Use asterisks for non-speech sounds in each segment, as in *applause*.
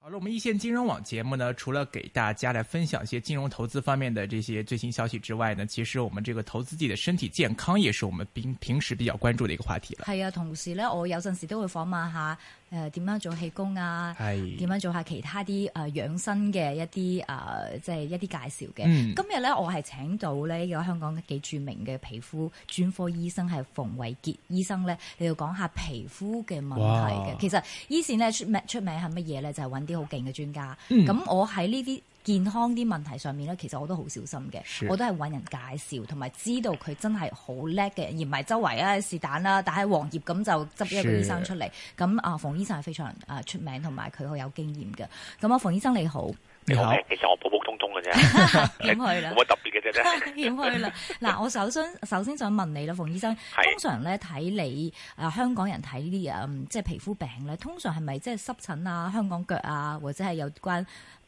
好了，我們一線金融網節目呢，除了給大家來分享一些金融投資方面的這些最新消息之外呢，其實我們這個投資自己的身體健康也是我們平平時比較關注的一個話題了。是啊，同時呢，我有陣時都會訪問下。誒、呃、點樣做氣功啊？點樣做下其他啲誒、呃、養生嘅一啲誒、呃，即係一啲介紹嘅、嗯。今日咧，我係請到呢一個香港幾著名嘅皮膚專科醫生，係馮偉傑醫生咧，你要講下皮膚嘅問題嘅。其實醫線咧出，出名出名係乜嘢咧？就係揾啲好勁嘅專家。咁、嗯、我喺呢啲健康啲問題上面咧，其實我都好小心嘅，我都係揾人介紹，同埋知道佢真係好叻嘅，而唔係周圍啊是但啦。但係黃葉咁就執一個醫生出嚟，咁啊，馮醫生係非常啊出名，同埋佢好有經驗嘅。咁啊，馮醫生你好，你好，你好，其實我普普通通嘅啫，點 *laughs* 是 *laughs* 去啦？冇特別嘅啫，點去啦？嗱，我首先首先想問你啦，馮醫生， *laughs* 通常咧睇你啊香港人睇呢啲嗯即係皮膚病咧，通常係咪即係濕疹啊、香港腳啊，或者係有關？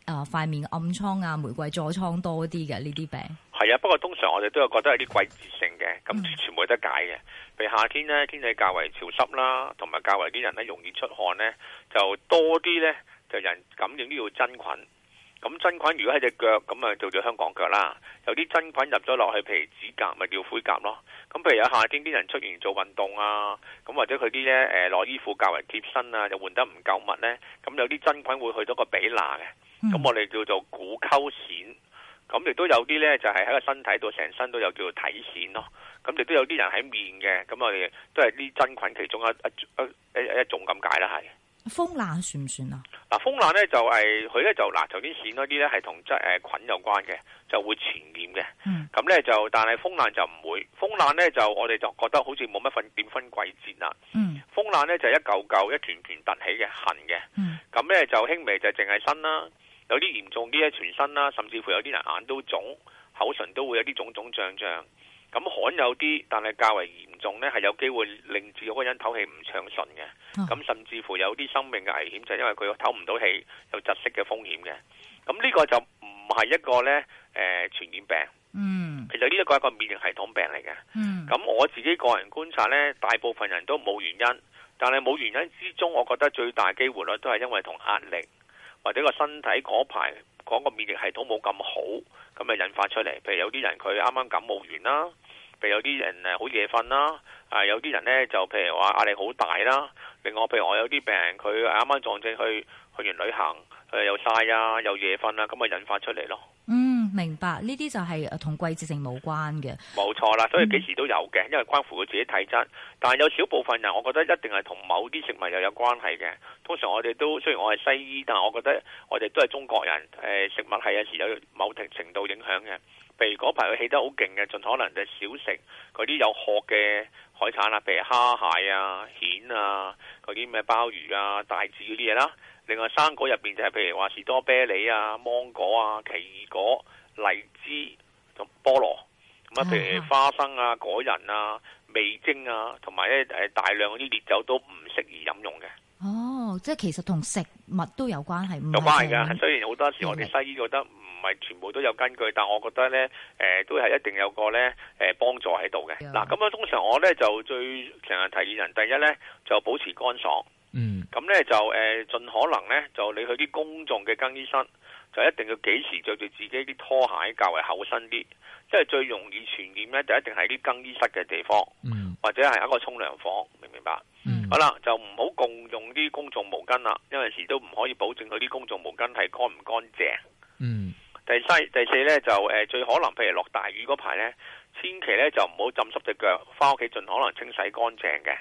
啊、呃！塊面暗瘡啊，玫瑰痤瘡多啲嘅呢啲病係啊，不過通常我哋都有覺得有啲季節性嘅，咁、嗯、全部得解嘅。譬如夏天呢，天氣較為潮濕啦，同埋較為啲人呢容易出汗呢，就多啲呢，就人感染呢個真菌。咁真菌如果係隻腳咁啊，就叫做香港腳啦。有啲真菌入咗落去譬如指甲，咪叫灰甲咯。咁譬如有夏天啲人出完做運動啊，咁或者佢啲呢，誒內衣褲較為貼身啊，就換得唔夠密呢。咁有啲真菌會去到個髀罅嘅。咁、嗯、我哋叫做股溝癬，咁亦都有啲咧就係喺個身體度成身都有，叫做體癬咯，咁亦都有啲人喺面嘅，咁我哋都係啲真菌其中一、一、一、一一種咁解啦，係。風冷算唔算啊？嗱、啊，風冷咧就係佢咧就嗱頭先癬嗰啲咧係同真誒菌有關嘅，就會傳染嘅。咁、嗯、咧就但係風冷就唔會，風冷咧就我哋就覺得好似冇乜分點分季節啦，風冷咧就一嚿嚿、一團團凸起嘅痕嘅，咁咧、嗯、就輕微就淨係身啦。有啲嚴重啲咧，全身啦，甚至乎有啲人眼都腫，口唇都會有啲腫腫脹脹。咁罕有啲，但係較為嚴重咧，係有機會令住嗰個人唞氣唔暢順嘅。咁甚至乎有啲生命嘅危險，就係因為佢唞唔到氣，有窒息嘅風險嘅。咁呢個就唔係一個咧，誒、呃、傳染病。嗯。其實呢一個係個免疫系統病嚟嘅。嗯。咁我自己個人觀察咧，大部分人都冇原因，但係冇原因之中，我覺得最大機會咧都係因為同壓力。或者個身體嗰排講個免疫系統冇咁好，咁咪引發出嚟。譬如有啲人佢啱啱感冒完啦，譬如有啲人誒好夜瞓啦，啊有啲人咧就譬如話壓力好大啦。另外譬如我有啲病人佢啱啱撞正去去完旅行，佢又晒啊又夜瞓啦，咁咪引發出嚟咯。明白，呢啲就係同季節性冇關嘅，冇錯啦。所以幾時都有嘅，因為關乎佢自己體質。但係有少部分人，我覺得一定係同某啲食物又有關係嘅。通常我哋都雖然我係西醫，但係我覺得我哋都係中國人。誒，食物係有時有某程度影響嘅。譬如嗰排佢起得好勁嘅，盡可能就少食嗰啲有殼嘅。海產啊，譬如蝦蟹啊、蜆啊，嗰啲咩鮑魚啊、帶子嗰啲嘢啦。另外生果入邊就係譬如話士多啤梨啊、芒果啊、奇異果、荔枝同菠蘿，咁啊譬如花生啊、果仁啊、味精啊，同埋咧誒大量嗰啲烈酒都唔適宜飲用嘅。即係其實同食物都有關係，有關係噶。雖然好多時我哋西醫覺得唔係全部都有根據，但我覺得咧，誒、呃、都係一定有個咧，誒、呃、幫助喺度嘅。嗱、嗯，咁樣通常我咧就最成日提議人，第一咧就保持乾爽，嗯，咁咧就誒、呃、盡可能咧就你去啲公眾嘅更衣室，就一定要幾時着住自己啲拖鞋，較為厚身啲，即係最容易傳染咧就一定係啲更衣室嘅地方。嗯或者係一個沖涼房，明唔明白？嗯、好啦，就唔好共用啲公眾毛巾啦，因為時,都唔可以保證佢啲公眾毛巾係乾唔乾淨。嗯，第三、第四咧就誒，最可能譬如落大雨嗰排咧，千祈咧就唔好浸濕隻腳，返屋企盡可能清洗乾淨嘅。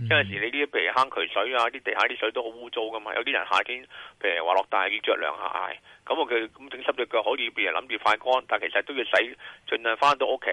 嗯、有陣時你啲譬如坑渠水啊，啲地下啲水都好污糟噶嘛。有啲人夏天譬如話落大雨着涼鞋，咁我佢咁整濕對腳可以，譬如諗住快乾，但其實都要洗，儘量翻到屋企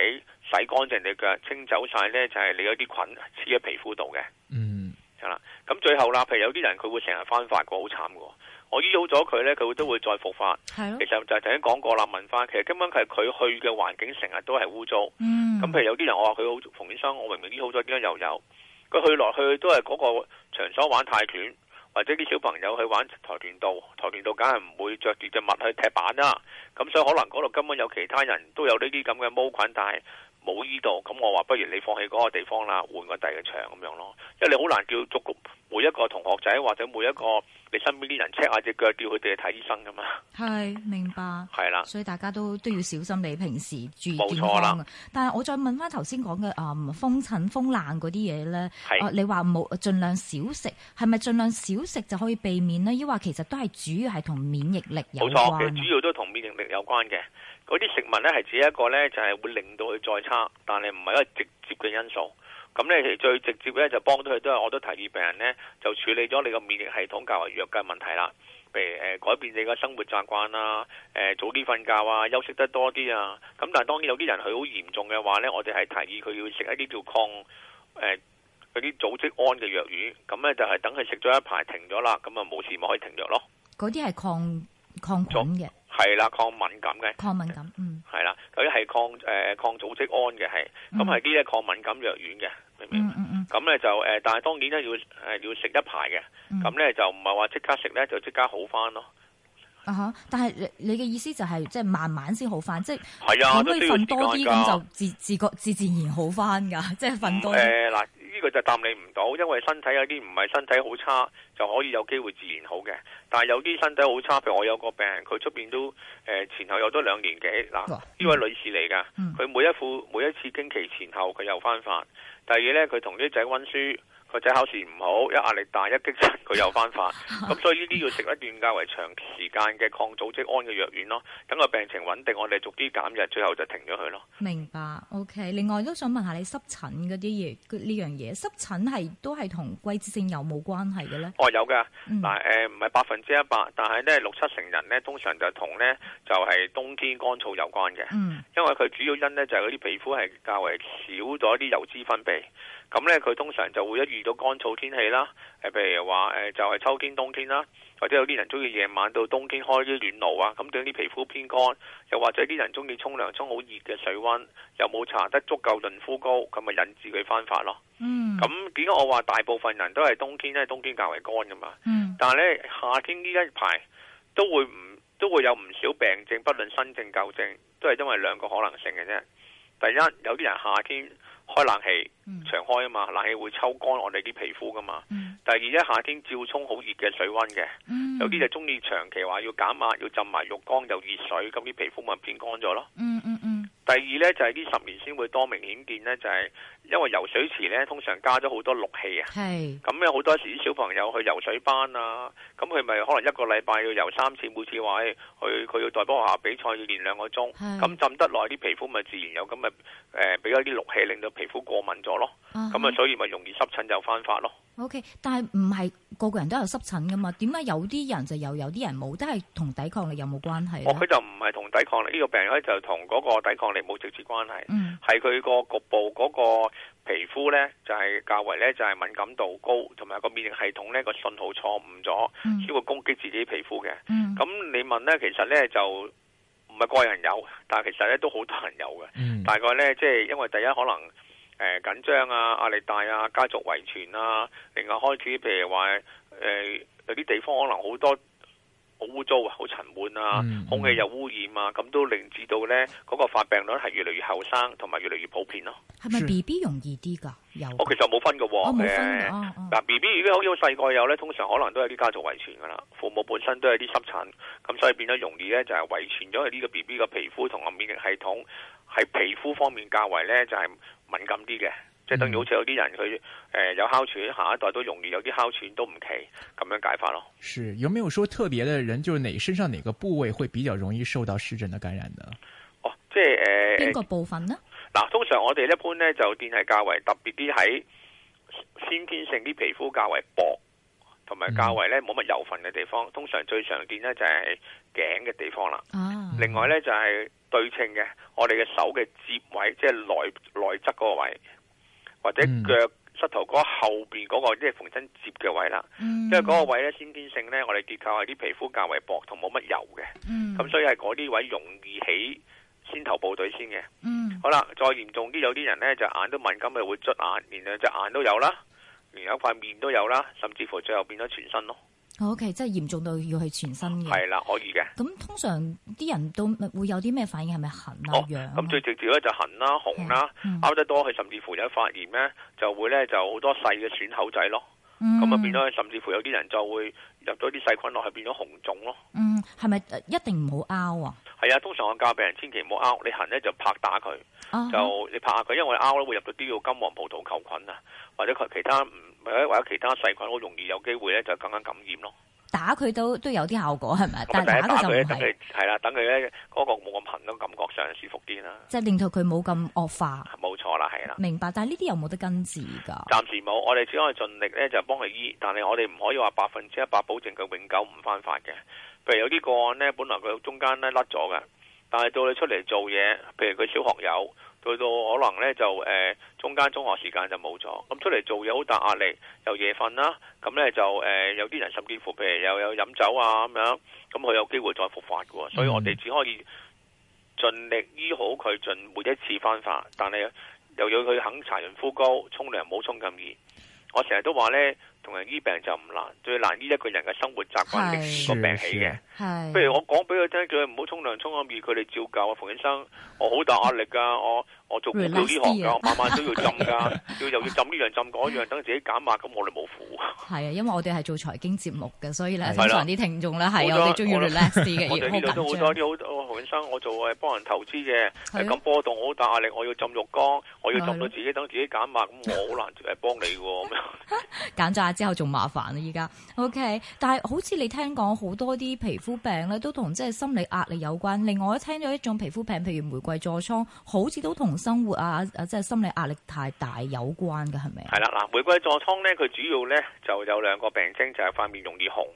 洗乾淨你的腳，清走晒咧就係、是、你嗰啲菌黐喺皮膚度嘅。嗯，係啦。咁最後啦，譬如有啲人佢會成日翻發過，好慘噶。我醫好咗佢咧，佢都會再復發。其實就係頭先講過啦，問翻其實根本係佢去嘅環境成日都係污糟。咁、嗯、譬如有啲人我話佢好馮醫生，我明明醫好咗，點樣又有？佢去落去都係嗰個場所玩泰拳，或者啲小朋友去玩跆拳道，跆拳道梗係唔會着住隻襪去踢板啦，啊。咁所以可能嗰度根本有其他人都有呢啲咁嘅霉菌，但係冇呢度。咁我話不如你放棄嗰個地方啦，換個第二個場咁樣咯。因為你好難叫足夠。每一個同學仔或者每一個你身邊啲人 check 下隻腳，叫佢哋去睇醫生噶嘛？係明白。係啦，所以大家都都要小心。你平時注意冇錯啦。但係我再問翻頭先講嘅啊，風疹風爛嗰啲嘢咧，你話冇盡量少食，係咪盡量少食就可以避免呢？亦話其實都係主要係同免疫力有關嘅？冇錯，其實主要都同免疫力有關嘅。嗰啲食物咧係指一個咧，就係會令到佢再差，但係唔係一個直接嘅因素。咁咧，最直接咧就幫到佢都係，我都提議病人咧就處理咗你個免疫系統較為弱嘅問題啦。譬如誒，改變你個生活習慣啦，誒早啲瞓覺啊，休息得多啲啊。咁但係當然有啲人佢好嚴重嘅話咧，我哋係提議佢要食一啲叫抗誒嗰啲組織胺嘅藥丸。咁咧就係等佢食咗一排停咗啦，咁啊冇事咪可以停藥咯。嗰啲係抗抗敏嘅，係啦，抗敏感嘅，抗敏感，嗯，係啦，啲係抗誒、呃、抗組織胺嘅，係，咁係啲咧抗敏感藥丸嘅。明嗯嗯，咁、嗯、咧、嗯、就誒，但係當然咧要誒要食一排嘅，咁、嗯、咧就唔係話即刻食咧就即刻好翻咯。啊、uh -huh, 但係你你嘅意思就係即係慢慢先好翻，即係、啊、可唔可以瞓、啊、多啲咁就自自覺自自然好翻噶，即係瞓多啲。誒、嗯、嗱。呃呢個就答你唔到，因為身體有啲唔係身體好差就可以有機會自然好嘅，但係有啲身體好差，譬如我有個病，佢出邊都誒前後有咗兩年幾嗱，呢位女士嚟㗎，佢每一副每一次經期前後佢又翻返，第二咧佢同啲仔溫書。 *noise* *noise* *noise* 個仔考試唔好，一壓力大一激，佢又翻發。咁 *laughs* 所以呢啲要食一段較為長時間嘅抗組織胺嘅藥丸咯。等個病情穩定，我哋逐啲減藥，最後就停咗佢咯。明白。OK。另外都想問下你濕疹嗰啲嘢，呢樣嘢濕疹係都係同季節性有冇關係嘅咧？哦，有㗎。嗱、嗯，誒唔係百分之一百，呃、但係咧六七成人咧通常就同咧就係、是、冬天乾燥有關嘅、嗯，因為佢主要因咧就係嗰啲皮膚係較為少咗啲油脂分泌，咁咧佢通常就會一遇到乾燥天氣啦，誒，譬如話誒，就係秋天、冬天啦，或者有啲人鍾意夜晚到冬天開啲暖爐啊，咁對啲皮膚偏乾，又或者啲人鍾意沖涼沖好熱嘅水温，又冇搽得足夠潤膚膏，咁咪引致佢翻發咯。嗯，咁點解我話大部分人都係冬天咧？冬天較為乾㗎嘛。嗯但呢，但係咧夏天呢一排都會唔都會有唔少病症，不論新症舊症，都係因為兩個可能性嘅啫。第一，有啲人夏天。開冷氣，長開啊嘛，冷氣會抽乾我哋啲皮膚噶嘛、嗯。第二，咧夏天照沖好熱嘅水温嘅、嗯，有啲就中意長期話要減壓，要浸埋浴,浴缸又熱水，咁啲皮膚咪變乾咗咯。嗯嗯嗯。第二咧就係、是、呢十年先會多明顯見咧就係、是。因為游水池咧，通常加咗好多氯氣啊。係。咁有好多時啲小朋友去游水班啊，咁佢咪可能一個禮拜要游三次，每次話去佢要代表下比賽要練兩個鐘。咁浸得耐，啲皮膚咪自然有咁咪誒，俾、呃、一啲氯氣令到皮膚過敏咗咯。咁啊、嗯，所以咪容易濕疹又翻發咯。O、okay, K，但係唔係個個人都有濕疹㗎嘛？點解有啲人就有，有啲人冇？都係同抵抗力有冇關係？哦，佢就唔係同抵抗力，呢、這個病人咧就同嗰個抵抗力冇直接關係。嗯。係佢個局部嗰、那個。皮膚咧就係、是，較為咧就係、是、敏感度高，同埋個免疫系統咧個信號錯誤咗，先、嗯、會攻擊自己皮膚嘅。咁、嗯、你問咧，其實咧就唔係個人有，但係其實咧都好多人有嘅，嗯。大概咧即係因為第一可能誒緊張啊，壓力大啊，家族遺傳啊，另外開始譬如話誒、呃、有啲地方可能好多。好污糟啊，好沉悶啊，空氣又污染啊，咁都令至到咧嗰、嗰個發病率係越嚟越後生，同埋越嚟越普遍咯、啊。係咪 B B 容易啲噶、嗯？我其實冇分嘅、啊，嗱 B B 如果好似細個有咧，通常可能都係啲家族遺傳噶啦，父母本身都係啲濕疹，咁所以變咗容易咧就係遺傳咗呢個 B B 嘅皮膚同埋免疫系統喺皮膚方面較為咧就係、是、敏感啲嘅。即、嗯、係等於好似有啲人佢誒、呃、有哮喘，下一代都容易有啲哮喘都不，都唔奇咁樣解法咯。是有冇有說特別嘅人，就係你身上哪個部位會比較容易受到濕疹嘅感染呢？哦，即係誒、邊、呃、個部分呢？嗱，通常我哋一般咧就變係較為特別啲喺先天性啲皮膚較為薄，同埋較為咧冇乜油份嘅地方。通常最常見咧就係頸嘅地方啦。嗯、啊，另外咧就係、是、對稱嘅，我哋嘅手嘅接位，即係內內側嗰個位。或者腳膝頭嗰後邊嗰、嗰個即係縫身接嘅位啦，因為嗰個位咧先天性咧，我哋結構係啲皮膚較為薄同冇乜油嘅，咁、嗯、所以係嗰啲位容易起先頭部隊先嘅、嗯。好啦，再嚴重啲，有啲人咧就眼都敏感，咪會捽眼，連兩隻眼都有啦，連有塊面都有啦，甚至乎最後變咗全身咯。O、okay, K，即係嚴重到要去全身嘅。係啦，可以嘅。咁通常啲人都會有啲咩反應？係咪痕啊？好、哦，咁、啊、最直接咧就痕啦、啊、紅啦、啊，凹、嗯、得多，佢甚至乎有發炎咧，就會咧就好多細嘅損口仔咯。咁、嗯、啊，變咗甚至乎有啲人就會入咗啲細菌落去，變咗紅腫咯。嗯，係咪、呃、一定唔好拗啊？係啊，通常我教病人千祈唔好拗，你痕咧就拍打佢、啊，就你拍下佢，因為拗咧會入到啲叫金黃葡萄球菌啊，或者其他唔或者其他細菌，好容易有機會咧就更加感染咯。打佢都都有啲效果係咪？但係打佢就唔係，係啦，等佢咧嗰個冇咁痕感覺上舒服啲啦。即、就、係、是、令到佢冇咁惡化。明白，但係呢啲有冇得根治噶？暫時冇，我哋只可以盡力咧就幫佢醫，但係我哋唔可以話百分之一百保證佢永久唔翻發嘅。譬如有啲個案咧，本來佢中間咧甩咗嘅，但係到你出嚟做嘢，譬如佢小學有，到到可能咧就誒、呃、中間中學時間就冇咗。咁出嚟做嘢好大壓力，又夜瞓啦，咁咧就誒、呃、有啲人甚至乎譬如又有飲酒啊咁樣，咁佢有機會再復發嘅、嗯。所以我哋只可以盡力醫好佢，盡每一次翻發，但係。又要佢肯搽潤膚膏，沖涼唔好沖咁熱。我成日都話咧。同人醫病就唔難，最難醫一個人嘅生活習慣歷史個病起嘅。不如我講俾佢聽，叫佢唔好沖涼、沖下面。佢哋照舊啊，馮醫生，我好大壓力㗎，我我做唔到呢行㗎，晚晚都要浸㗎，要又要浸呢樣浸嗰樣，等自己減壓，咁我哋冇符。係啊，因為我哋係做財經節目嘅，所以咧通常啲聽眾咧係我哋中意 relax 嘅，要好緊張。我哋呢度都好多啲好多馮醫生，我做係幫人投資嘅，係咁波動，好大壓力，我要浸浴缸，我要浸到自己，等自己減壓，咁我好難嚟幫你喎。咁樣減之後仲麻煩啊！依家 OK，但係好似你聽講好多啲皮膚病咧，都同即係心理壓力有關。另外，我聽咗一種皮膚病，譬如玫瑰痤瘡，好似都同生活啊，即係心理壓力太大有關嘅，係咪？係啦，嗱，玫瑰痤瘡咧，佢主要咧就有兩個病徵，就係塊面容易紅，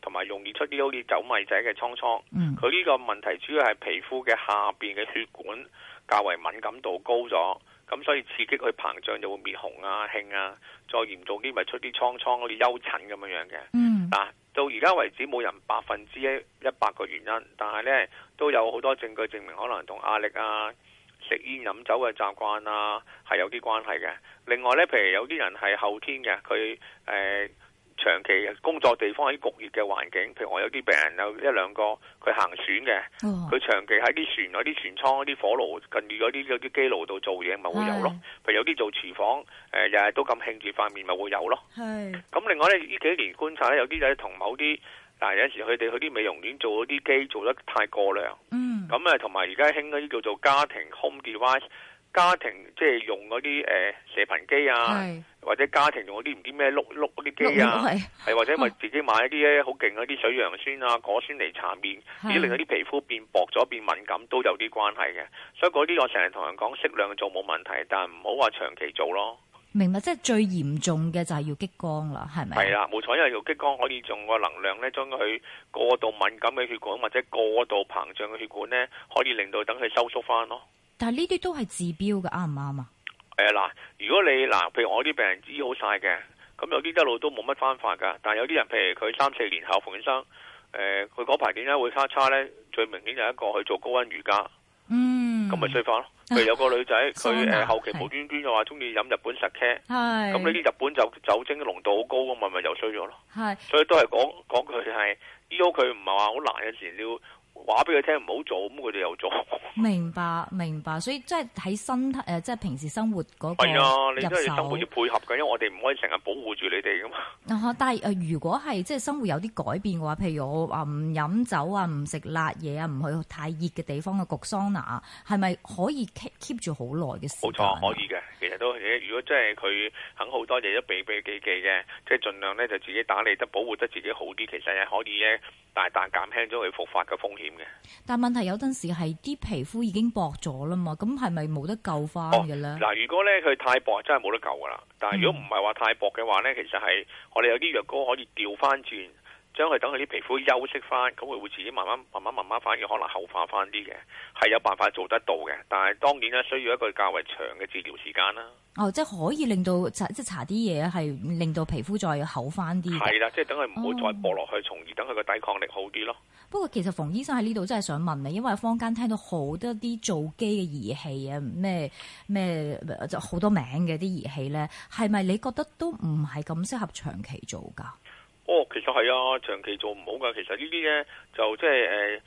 同埋容易出啲好似酒米仔嘅瘡瘡。佢、嗯、呢個問題主要係皮膚嘅下邊嘅血管較為敏感度高咗。咁所以刺激佢膨脹，就會滅紅啊、興啊，再嚴重啲咪出啲瘡瘡啲丘疹咁樣樣嘅。嗱、嗯啊，到而家為止冇人百分之一百個原因，但係呢都有好多證據證明可能同壓力啊、食煙飲酒嘅習慣啊係有啲關係嘅。另外呢，譬如有啲人係後天嘅，佢誒長期工作地方喺焗熱嘅環境，譬如我有啲病人有一兩個佢行船嘅，佢長期喺啲船嗰啲船艙、啲火爐近住嗰啲啲機爐度做嘢，咪會有咯。譬如有啲做廚房，誒日日都咁興住塊面，咪會有咯。咁另外呢，呢幾年觀察呢，有啲就係同某啲，嗱、呃、有時佢哋去啲美容院做嗰啲機做得太過量，咁咧同埋而家興嗰啲叫做家庭 home device。家庭即係用嗰啲誒射頻機啊，或者家庭用嗰啲唔知咩碌碌嗰啲機啊，係或者咪自己買一啲咧好勁嗰啲水楊酸啊、果酸嚟搽面，啲令到啲皮膚變薄咗、變敏感都有啲關係嘅。所以嗰啲我成日同人講適量做冇問題，但係唔好話長期做咯。明白，即係最嚴重嘅就係要激光啦，係咪？係啦，冇錯，因為要激光可以用個能量咧，將佢過度敏感嘅血管或者過度膨脹嘅血管咧，可以令到等佢收縮翻咯。但係呢啲都係治標嘅，啱唔啱啊？誒、呃、嗱，如果你嗱、呃，譬如我啲病人醫好晒嘅，咁有啲一路都冇乜翻法嘅，但係有啲人譬如佢三四年後，馮醫生，誒、呃，佢嗰排點解會差叉咧？最明顯就係一個去做高溫瑜伽，嗯，咁咪衰化咯。譬如有個女仔，佢、啊、誒、啊、後期無端端又話中意飲日本 Sake，係，咁呢啲日本酒酒精濃度好高，㗎嘛，咪又衰咗咯。係，所以都係講講佢係醫好佢，唔係話好難嘅事。你要話俾佢聽，唔好做，咁佢哋又做。明白，明白，所以即係喺身，誒、呃，即、就、係、是、平時生活嗰嘅入手要、哎、配合嘅，因為我哋唔可以成日保護住你哋噶嘛。但係誒、呃，如果係即係生活有啲改變嘅話，譬如我唔飲酒啊，唔食辣嘢啊，唔去太熱嘅地方嘅焗桑拿，係咪可以 keep 住好耐嘅時間？冇錯，可以嘅。其實都係，如果真係佢肯好多嘢都避避忌忌嘅，即係盡量咧就自己打理得保護得自己好啲，其實係可以咧大大減輕咗佢復發嘅風險嘅。但問題有陣時係啲皮膚已經薄咗啦嘛，咁係咪冇得救翻嘅咧？嗱、哦，如果咧佢太薄，真係冇得救噶啦。但係如果唔係話太薄嘅話咧、嗯，其實係我哋有啲藥膏可以調翻轉。將佢等佢啲皮膚休息翻，咁佢會自己慢慢、慢慢、慢慢反，反而可能厚化翻啲嘅，係有辦法做得到嘅。但係當然啦，需要一個較為長嘅治療時間啦。哦，即係可以令到即係搽啲嘢係令到皮膚再厚翻啲。係啦，即係等佢唔好再薄落去、哦，從而等佢個抵抗力好啲咯。不過其實馮醫生喺呢度真係想問你，因為坊間聽到好多啲做機嘅儀器啊，咩咩就好多名嘅啲儀器咧，係咪你覺得都唔係咁適合長期做㗎？哦，其實係啊，長期做唔好㗎。其實這些呢啲咧就即係誒，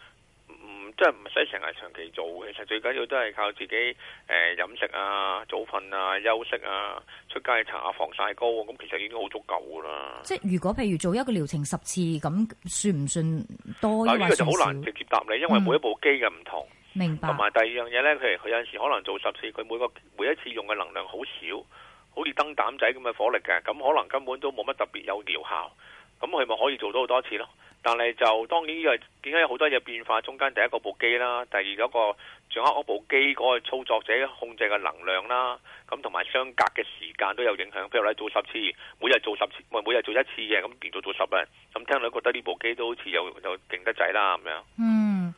唔即係唔使成日長期做。其實最緊要都係靠自己誒、呃、飲食啊、早瞓啊、休息啊、出街搽下防曬膏。咁、嗯、其實已經好足夠㗎啦。即係如果譬如做一個療程十次，咁算唔算多？嗱，呢個就好難直接答你、嗯，因為每一部機嘅唔同。明白。同埋第二樣嘢咧，譬如佢有陣時可能做十次，佢每個每一次用嘅能量好少，好似燈膽仔咁嘅火力嘅，咁可能根本都冇乜特別有療效。咁佢咪可以做到好多次咯？但係就當然，呢個點解有好多嘢變化？中間第一個部機啦，第二嗰個掌握嗰部機嗰個操作者控制嘅能量啦，咁同埋相隔嘅時間都有影響。譬如咧做十次，每日做十次，唔係每日做一次嘅，咁連續做十日。咁聽到覺得呢部機都好似有有勁得滯啦咁樣。嗯，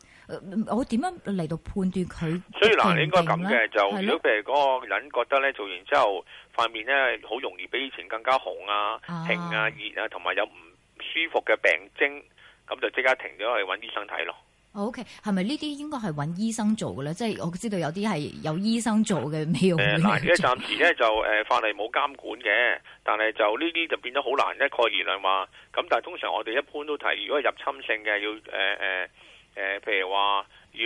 我點樣嚟到判斷佢？所以嗱，你應該咁嘅，就如果譬如嗰個人覺得呢做完之後塊面呢好容易比以前更加紅啊、平啊、啊熱啊，同埋有唔～舒服嘅病徵，咁就即刻停咗去揾醫生睇咯。OK，係咪呢啲應該係揾醫生做嘅咧？即係我知道有啲係有醫生做嘅美容。誒，嗱、呃，而家暫時咧就誒、呃、法例冇監管嘅，但係就呢啲就變咗好難一概而論話。咁但係通常我哋一般都提，如果係入侵性嘅，要誒誒誒，呃呃呃、譬如話要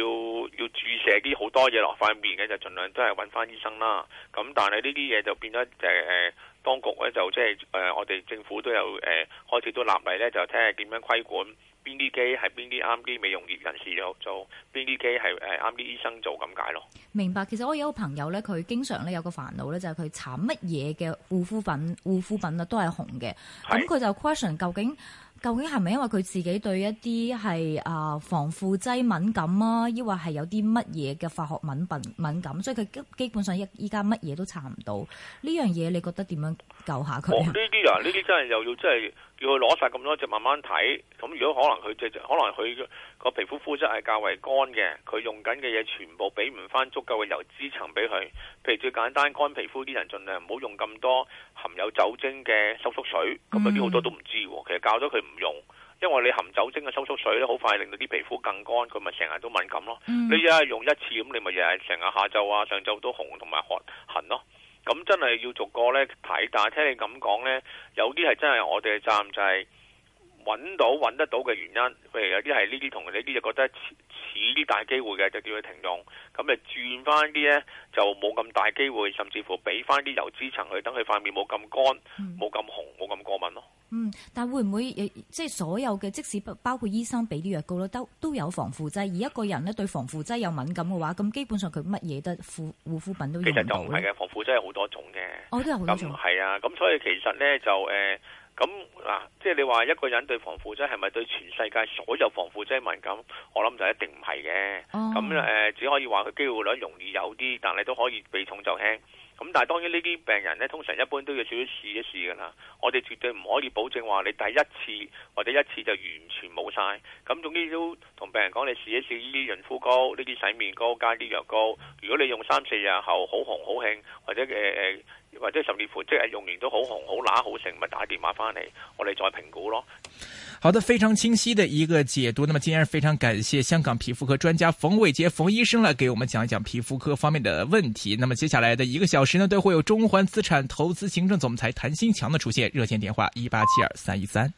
要注射啲好多嘢落塊面嘅，就盡量都係揾翻醫生啦。咁但係呢啲嘢就變咗誒誒。呃當局咧就即係誒、呃，我哋政府都有誒、呃、開始都立例咧，就睇下點樣規管邊啲機係邊啲啱啲美容業人士做，邊啲機係誒啱啲醫生做咁解咯。明白，其實我有個朋友咧，佢經常咧有個煩惱咧，就係佢搽乜嘢嘅護膚品，護膚品啊都係紅嘅，咁佢就 question 究竟。究竟係咪因為佢自己對一啲係啊防腐劑敏感啊，抑或係有啲乜嘢嘅化學品品敏感，所以佢基基本上一依家乜嘢都查唔到呢樣嘢，這個、你覺得點樣救下佢？呢、哦、啲啊，呢啲真係又要真係。要佢攞晒咁多隻慢慢睇，咁如果可能佢隻，可能佢個皮膚膚質係較為乾嘅，佢用緊嘅嘢全部俾唔翻足夠嘅油脂層俾佢。譬如最簡單乾皮膚啲人，盡量唔好用咁多含有酒精嘅收縮水。咁嗰啲好多都唔知，其實教咗佢唔用，因為你含酒精嘅收縮水咧，好快令到啲皮膚更乾，佢咪成日都敏感咯、嗯。你一用一次咁，你咪日日成日下晝啊、上晝都紅同埋汗痕咯。咁真係要逐個呢，睇，但係聽你咁講呢，有啲係真係我哋嘅責任就，就係揾到揾得到嘅原因。譬如有啲係呢啲同呢啲，就覺得似啲大機會嘅，就叫佢停用。咁就轉翻啲呢，就冇咁大機會，甚至乎俾翻啲油脂層去等佢塊面冇咁乾、冇、嗯、咁紅、冇咁過敏咯。嗯，但會唔會誒，即係所有嘅，即使包括醫生俾啲藥膏咯，都都有防腐劑。而一個人咧對防腐劑有敏感嘅話，咁基本上佢乜嘢都護護膚品都其實就唔係嘅，防腐劑有好多種嘅。我、哦、都有好多種。係啊，咁所以其實咧就誒，咁、呃、嗱，即係你話一個人對防腐劑係咪對全世界所有防腐劑敏感？我諗就一定唔係嘅。咁、哦、誒、呃，只可以話佢機會率容易有啲，但係都可以避重就輕。咁但係當然呢啲病人呢，通常一般都要少少試一試㗎啦。我哋絕對唔可以保證話你第一次或者一次就完全冇晒。咁總之都同病人講，你試一試呢啲潤膚膏、呢啲洗面膏、加啲藥膏。如果你用三四日後好紅好痕，或者、呃呃或者甚至乎，即係用完都好紅好乸好成，咪打電話翻嚟，我哋再評估咯。好的，非常清晰的一個解讀。那麼今天非常感謝香港皮膚科專家馮偉傑馮醫生來給我們講一講皮膚科方面的問題。那麼接下來的一個小時呢，都會有中環資產投資行政總裁譚新強的出現。熱線電話：一八七二三一三。